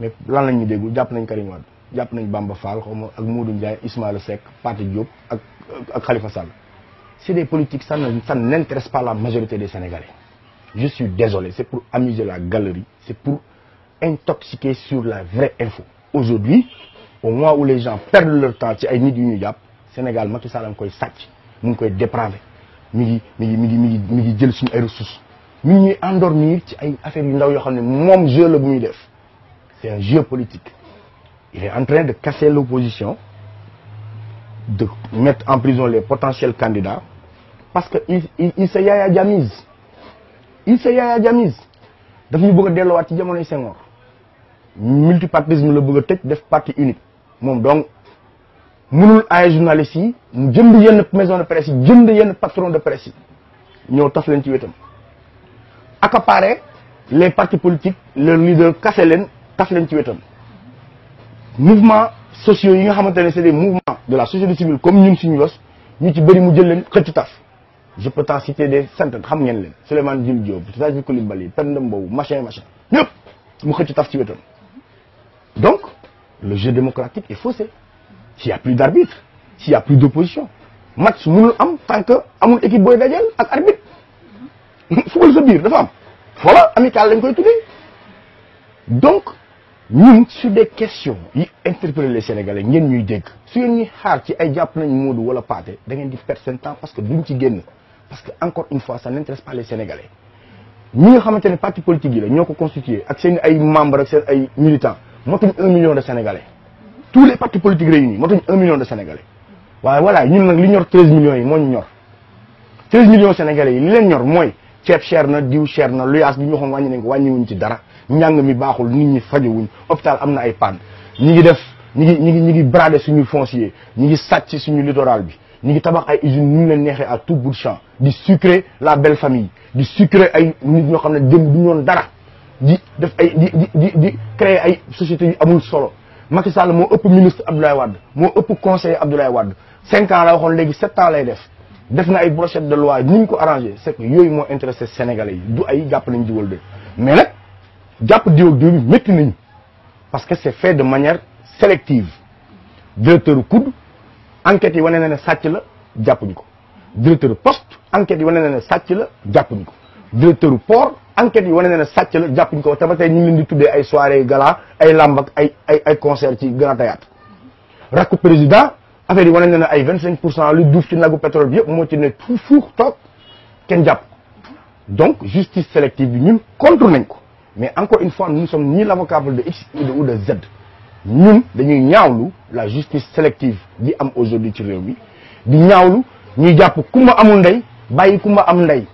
mais lan lañ ñu jàpp nañ Karim Wade jàpp nañ Bamba Fall xaw ma ak Modou Ndiaye Ismaïla Seck Pathé Diop ak ak Khalifa Sall c'est des politiques ça ne ça n'intéresse pas la majorité des Sénégalais je suis désolé c'est pour amuser la galerie c'est pour intoxiquer sur la vraie info aujourd'hui au moment où les gens perdent leur temps ci ay nit yu ñu jàpp Sénégal Macky Sall a ngi koy sàcc mu ngi koy dépravé mi ngi mi ngi mi ngi mi ngi mi ay ressources mi ngi ñuy endormir ci ay affaires yu ndaw yoo xam ne moom jeu la c'est un jeu politique. Il est en train de casser l'opposition, de mettre en prison les potentiels candidats, parce que il, il se yaya jamise. Il se yaya daf bëgg a delluwaat ci jamonoy Senghor multipartisme la bëgg a tëj def parti unique moom donc mënul ay journalistes yi mu jënd yenn maison de presse yi jënd yenn patron de presse yi ñëw taf leen ci wetam accaparer les partis politiques leurs taf leen ci wetam mouvement sociaux yi nga xamante ne c'est des mouvements de la société civile comme ñun suñu yos ñu ci bëri mu jël leen xëcc taf je peux t'en citer des centaines xam ngeen leen Souleymane Jules Diop Sadji Coulibaly Penda Mbow machin machin ñëpp mu xëcc taf ci wetam donc le jeu démocratique est faussé s'il y a plus d'arbitre s'il y a plus d'opposition match mënul am tant que amul équipe booy dajeel ak arbitre football sa biir dafa am voilà amical lañ koy ñun sur des questions yi interpeller les sénégalais ngeen ñuy dégg su ngeen ñuy xaar ci ay jàpp nañ Modou wala Pathé da ngeen di perdre seen temps parce que duñ ci génn parce que encore une fois ça n'intéresse pas les sénégalais ñi nga xamante ne parti politique yi la ñoo ko constitué ak seen ay membres ak seen ay militants motuñ un million de sénégalais tous les partis politiques réunis motuñ un million de sénégalais waaye voilà ñun nag li ñor treize millions yi moo ñu ñor treize millions sénégalais yi li leen ñor mooy ceeb cher na diw cher na luyaas bi ñu waxoon wàññi nañ wàññiwuñ ci dara njàng mi baaxul nit ñi fajowuñ hôpital am na ay panne ñi ngi def ñi ngi ñi ngi ñi ngi brader suñu foncier ñi ngi sàcc suñu littoral bi ñi ngi tabax ay usine ñu leen neexee à tout bout de champ di sucrer la belle famille di sucrer ay nit ñoo xam ne dem du ñoon dara di def ay di di di di créer ay sociétés yu amul solo Macky Sall moo ëpp ministre Abdoulaye Wade moo ëpp conseiller Abdoulaye Wade cinq ans la waxoon léegi sept ans lay def def na ay brochette de loi ni ñu ko arrangé c'est yooyu moo intéressé sénégalais yi du ay jàpp nañ jiwal de jàpp diw ak diw bi nañu parce que c'est fait de manière sélective directeur COUD enquête yi wane na ne sàcc la jàppuñ ko directeur poste enquête yi wane na ne sàcc la jàppuñ ko directeur port enquête yi wane na ne sàcc jàpp jàppuñ ko te ba tey ñu ngi leen di tuddee ay soirée gala ay lamb ay ay ay concert ci grand théâtre rakku président affaire yi wane na ne ay vingt cinq pour cent lu duuf ci nagu pétrole bi yëpp moo ci ne tout fuux toog kenn jàpp donc justice sélective bi ñun contre nañ ko mais encore une fois nous ne sommes ni l'avocable de X ou de Z ñun dañuy ñaawlu la justice sélective bi am aujourd'hui ci réew mi di ñaawlu ñuy jàpp kumba amul ndey bàyyi kumba am ndey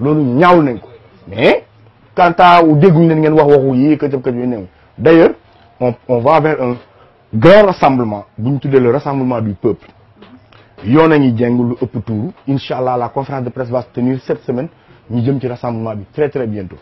loolu ñaawlu nañ ko mais quant à dégguñu leen ngeen wax waxu yi këcëb këcëb yi néew d'ailleurs on on va vers un grand rassemblement bu ñu tuddee le rassemblement du peuple yoon nañu jeng lu ëpp tuuru incha allah la conférence de presse va se tenir cette semaine ñu jëm ci rassemblement bi très très bientôt